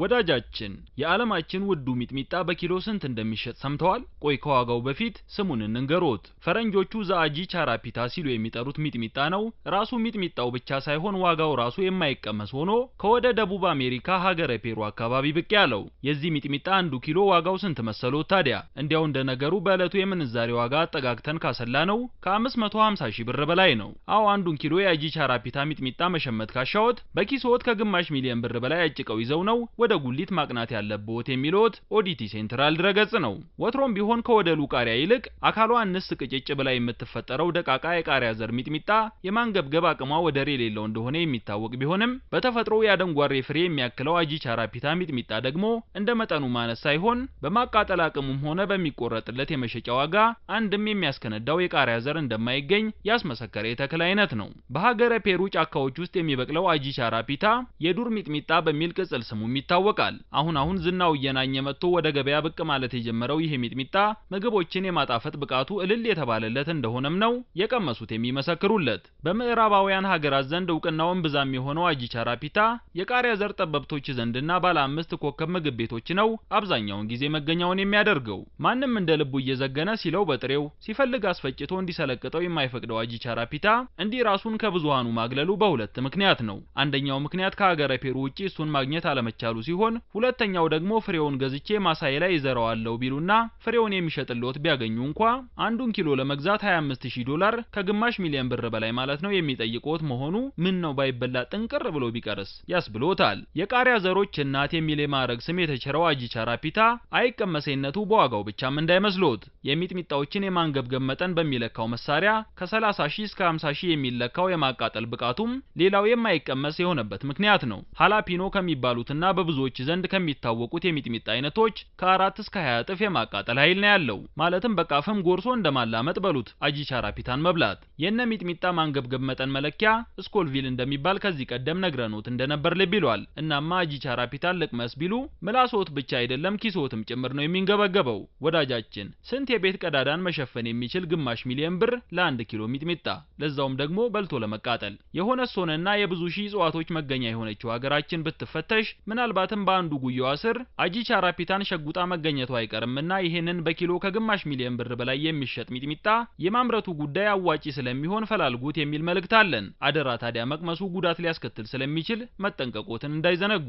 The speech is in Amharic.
ወዳጃችን የዓለማችን ውዱ ሚጥሚጣ በኪሎ ስንት እንደሚሸጥ ሰምተዋል? ቆይ ከዋጋው በፊት ስሙን እንንገሮት። ፈረንጆቹ ዛአጂ ቻራፒታ ሲሉ የሚጠሩት ሚጥሚጣ ነው። ራሱ ሚጥሚጣው ብቻ ሳይሆን ዋጋው ራሱ የማይቀመስ ሆኖ ከወደ ደቡብ አሜሪካ ሀገረ ፔሩ አካባቢ ብቅ ያለው። የዚህ ሚጥሚጣ አንዱ ኪሎ ዋጋው ስንት መሰሎት ታዲያ? እንዲያው እንደ ነገሩ በዕለቱ የምንዛሬ ዋጋ አጠጋግተን ካሰላ ነው ከ550 ብር በላይ ነው። አዎ አንዱን ኪሎ የአጂ ቻራፒታ ሚጥሚጣ መሸመት ካሻወት በኪሶት ከግማሽ ሚሊዮን ብር በላይ አጭቀው ይዘው ነው ወደ ጉሊት ማቅናት ያለብዎት የሚልዎት ኦዲቲ ሴንትራል ድረገጽ ነው። ወትሮም ቢሆን ከወደሉ ቃሪያ ይልቅ አካሏ አንስ ቅጭጭ ብላ የምትፈጠረው ደቃቃ የቃሪያ ዘር ሚጥሚጣ የማንገብገብ አቅሟ ወደር የሌለው እንደሆነ የሚታወቅ ቢሆንም በተፈጥሮ የአደንጓሬ ፍሬ የሚያክለው አጂቻራ ፒታ ሚጥሚጣ ደግሞ እንደ መጠኑ ማነስ ሳይሆን በማቃጠል አቅሙም ሆነ በሚቆረጥለት የመሸጫ ዋጋ አንድም የሚያስከነዳው የቃሪያ ዘር እንደማይገኝ ያስመሰከረ የተክል አይነት ነው። በሀገረ ፔሩ ጫካዎች ውስጥ የሚበቅለው አጂቻራ ፒታ የዱር ሚጥሚጣ በሚል ቅጽል ስሙ የሚታወቅ ይታወቃል። አሁን አሁን ዝናው እየናኘ መጥቶ ወደ ገበያ ብቅ ማለት የጀመረው ይሄ ሚጥሚጣ ምግቦችን የማጣፈጥ ብቃቱ እልል የተባለለት እንደሆነም ነው የቀመሱት የሚመሰክሩለት። በምዕራባውያን ሀገራት ዘንድ እውቅናውን ብዛም የሆነው አጂቻራ ፒታ የቃሪያ ዘር ጠበብቶች ዘንድና ባለ አምስት ኮከብ ምግብ ቤቶች ነው አብዛኛውን ጊዜ መገኛውን የሚያደርገው። ማንም እንደ ልቡ እየዘገነ ሲለው በጥሬው ሲፈልግ አስፈጭቶ እንዲሰለቅጠው የማይፈቅደው አጂቻራ ፒታ እንዲህ ራሱን ከብዙሃኑ ማግለሉ በሁለት ምክንያት ነው። አንደኛው ምክንያት ከሀገረ ፔሩ ውጪ እሱን ማግኘት አለመቻሉ ያሉ ሲሆን ሁለተኛው ደግሞ ፍሬውን ገዝቼ ማሳዬ ላይ ይዘረዋለሁ ቢሉና ፍሬውን የሚሸጥልዎት ቢያገኙ እንኳ አንዱን ኪሎ ለመግዛት 25000 ዶላር ከግማሽ ሚሊዮን ብር በላይ ማለት ነው የሚጠይቁት መሆኑ ምን ነው ባይበላ ጥንቅር ብሎ ቢቀርስ ያስብሎታል። የቃሪያ ዘሮች እናት የሚል የማዕረግ ስም የተቸረው አጂቻ ራፒታ አይቀመሰኝነቱ በዋጋው ብቻም እንዳይመስሎት የሚጥሚጣዎችን የማንገብገብ መጠን በሚለካው መሳሪያ ከ30 ሺህ እስከ 50 ሺህ የሚለካው የማቃጠል ብቃቱም ሌላው የማይቀመስ የሆነበት ምክንያት ነው። ሃላፒኖ ከሚባሉትና በብዙዎች ዘንድ ከሚታወቁት የሚጥሚጣ አይነቶች ከአራት እስከ 20 እጥፍ የማቃጠል ኃይል ነው ያለው። ማለትም በቃፍም ጎርሶ እንደማላመጥ በሉት ፒታን መብላት። የነ ሚጥሚጣ ማንገብገብ መጠን መለኪያ ስኮልቪል እንደሚባል ከዚህ ቀደም ነግረኖት እንደነበር ልብ ይሏል። እናማ ፒታን ልቅመስ ቢሉ ምላሶት ብቻ አይደለም ኪሶትም ጭምር ነው የሚንገበገበው። ወዳጃችን ስንት የቤት ቀዳዳን መሸፈን የሚችል ግማሽ ሚሊዮን ብር ለአንድ ኪሎ ሚጥሚጣ ለዛውም ደግሞ በልቶ ለመቃጠል የሆነ ሶነና የብዙ ሺህ እጽዋቶች መገኛ የሆነችው ሀገራችን ብትፈተሽ ምናልባት ምናልባትም በአንዱ ጉያዋ ስር አጂ ራፒታን ሸጉጣ መገኘቱ አይቀርምና ይህንን በኪሎ ከግማሽ ሚሊዮን ብር በላይ የሚሸጥ ሚጥሚጣ የማምረቱ ጉዳይ አዋጪ ስለሚሆን ፈላልጉት የሚል መልእክት አለን። አደራ ታዲያ መቅመሱ ጉዳት ሊያስከትል ስለሚችል መጠንቀቆትን እንዳይዘነጉ።